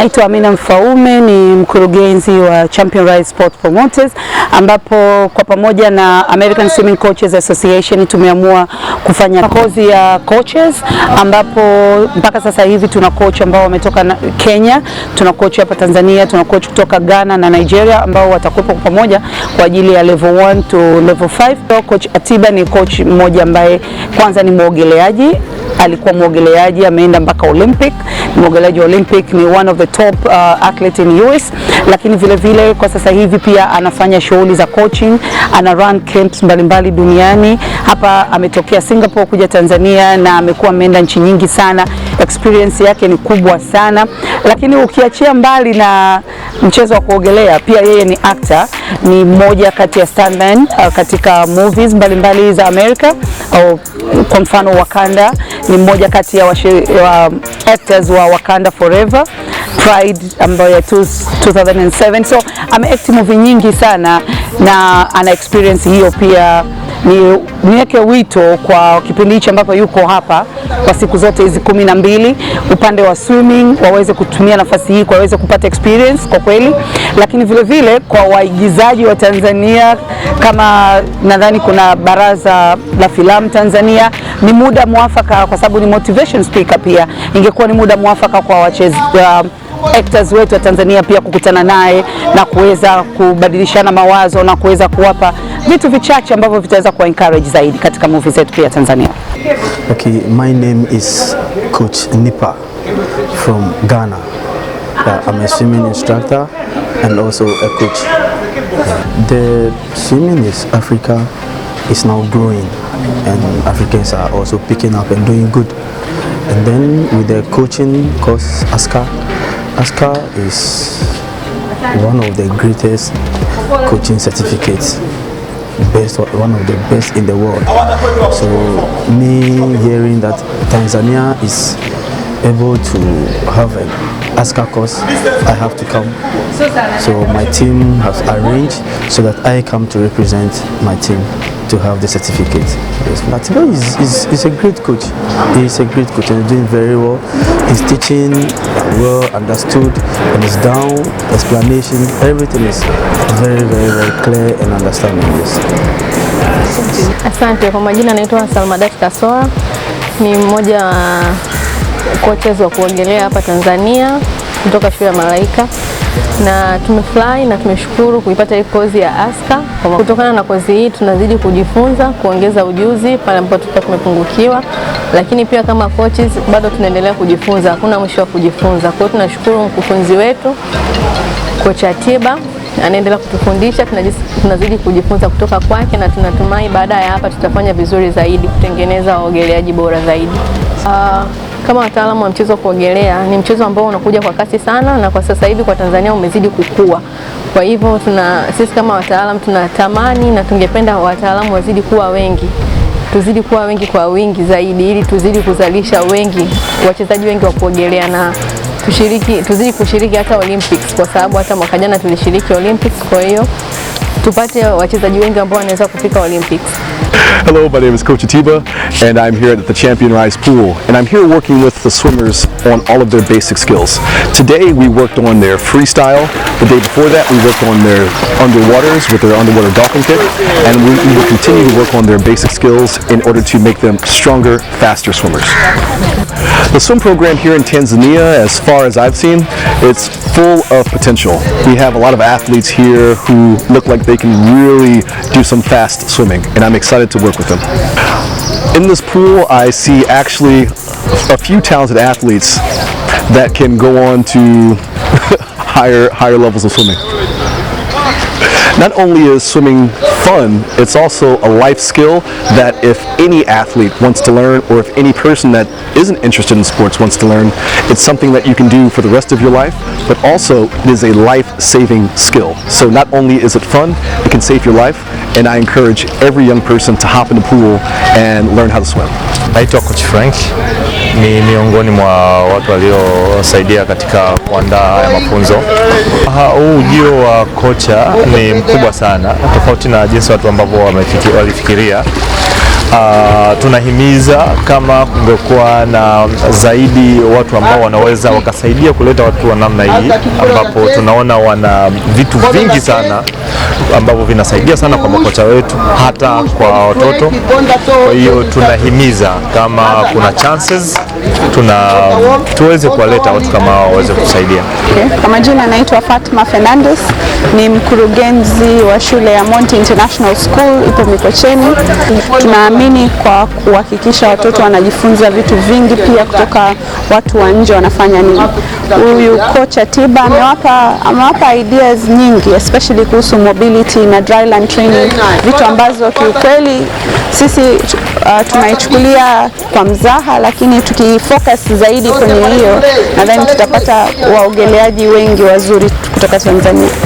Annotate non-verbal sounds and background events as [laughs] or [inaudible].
Naitwa Amina Mfaume, ni mkurugenzi wa Champion Ride Sport Promoters, ambapo kwa pamoja na American Swimming Coaches Association tumeamua kufanya kozi ya coaches, ambapo mpaka sasa hivi tuna coach ambao wametoka Kenya, tuna coach hapa Tanzania, tuna coach kutoka Ghana na Nigeria ambao watakuwepo kwa pamoja kwa ajili ya level 1 to level 5. Coach Atiba ni coach mmoja ambaye kwanza ni mwogeleaji alikuwa mwogeleaji, ameenda mpaka Olympic, mwogeleaji Olympic, ni one of the top uh, athlete in US, lakini vile vile kwa sasa hivi pia anafanya shughuli za coaching, ana run camps mbalimbali duniani. Hapa ametokea Singapore kuja Tanzania na amekuwa ameenda nchi nyingi sana, experience yake ni kubwa sana, lakini ukiachia mbali na mchezo wa kuogelea, pia yeye ni actor, ni mmoja kati ya stuntman uh, katika movies mbalimbali mbali za america kwa mfano Wakanda ni mmoja kati ya wa actors wa Wakanda Forever Pride ambayo ya 2007, so ame act movie nyingi sana na ana experience hiyo pia niweke wito kwa kipindi hichi ambapo yuko hapa kwa siku zote hizi kumi na mbili, upande wa swimming waweze kutumia nafasi hii waweze kupata experience kwa kweli, lakini vile vile kwa waigizaji wa Tanzania, kama nadhani kuna baraza la filamu Tanzania, ni muda mwafaka kwa sababu ni motivation speaker pia, ingekuwa ni muda mwafaka kwa uh, actors wetu wa Tanzania pia kukutana naye na kuweza kubadilishana mawazo na kuweza kuwapa vitu vichache ambavyo vitaweza kuwa encourage zaidi katika movie zetu pia Tanzania. Okay, my name is Coach Nipa from Ghana. I'm a swimming instructor and also a coach. The swimming is Africa is now growing and Africans are also picking up and doing good. And then with the coaching course, ASCA, ASCA is one of the greatest coaching certificates best, one of the best in the world. So me hearing that Tanzania is able to have an ASCA course, I have to come. So my team has arranged so that I come to represent my team. to have the certificate. Yes. Matibel is, is, is a great coach. He's a great coach and he's doing very well. He's teaching well understood and he's down explanation, everything is very, very, very clear and understanding. Yes. Asante. Kwa majina naitwa Salmadat Kasoa, ni mmoja wa kocha wa kuogelea hapa Tanzania kutoka shule ya Malaika na tumefurahi na tumeshukuru kuipata hii kozi ya ASCA. Kutokana na kozi hii tunazidi kujifunza, kuongeza ujuzi pale ambapo tulikuwa tumepungukiwa, lakini pia kama coaches bado tunaendelea kujifunza, hakuna mwisho wa kujifunza. Kwa hiyo tunashukuru mkufunzi wetu kocha Tiba anaendelea kutufundisha, tunazidi kujifunza kutoka kwake, na tunatumai baada ya hapa tutafanya vizuri zaidi kutengeneza waogeleaji bora zaidi. Uh, kama wataalamu wa mchezo wa kuogelea, ni mchezo ambao unakuja kwa kasi sana, na kwa sasa hivi kwa Tanzania umezidi kukua. Kwa hivyo tuna sisi kama wataalamu tunatamani na tungependa wataalamu wazidi kuwa wengi, tuzidi kuwa wengi kwa wingi zaidi, ili tuzidi kuzalisha wengi wachezaji wengi wa kuogelea na tushiriki, tuzidi kushiriki hata Olympics, kwa sababu hata mwaka jana tulishiriki Olympics. Kwa hiyo tupate wachezaji wengi ambao wanaweza kufika Olympics. Hello, my name is Coach Atiba, and I'm here at the Champion Rise Pool, and I'm here working with the swimmers on all of their basic skills. Today, we worked on their freestyle. The day before that, we worked on their underwaters with their underwater dolphin kick, and we, we will continue to work on their basic skills in order to make them stronger, faster swimmers. The swim program here in Tanzania, as far as I've seen, it's full of potential. We have a lot of athletes here who look like they can really do some fast swimming, and I'm excited to work with them. In this pool, I see actually a few talented athletes that can go on to [laughs] higher higher levels of swimming not only is swimming fun, it's also a life skill that if any athlete wants to learn or if any person that isn't interested in sports wants to learn, it's something that you can do for the rest of your life, but also it is a life-saving skill. So not only is it fun, it can save your life, and I encourage every young person to hop in the pool and learn how to swim. I talk with Frank. ni miongoni mwa watu waliosaidia katika kuandaa haya mafunzo. Huu ujio wa kocha ni mkubwa sana, tofauti na jinsi watu ambavyo walifikiria. Uh, tunahimiza kama kungekuwa na zaidi watu ambao wanaweza wakasaidia kuleta watu wa namna hii, ambapo tunaona wana vitu vingi sana ambavyo vinasaidia sana kwa makocha wetu, hata kwa watoto. Kwa hiyo tunahimiza kama kuna chances tuna tuweze kuwaleta watu kama hao waweze kusaidia. Okay. Kwa majina anaitwa Fatma Fernandez, ni mkurugenzi wa shule ya Monti International School ipo Mikocheni. Tunaamini kwa kuhakikisha watoto wanajifunza vitu vingi pia kutoka watu wa nje wanafanya nini huyu kocha Tiba amewapa amewapa ideas nyingi especially kuhusu mobility na dryland training, vitu ambazo kiukweli sisi uh, tunaichukulia kwa mzaha, lakini tukifocus zaidi kwenye hiyo, nadhani tutapata waogeleaji wengi wazuri kutoka Tanzania.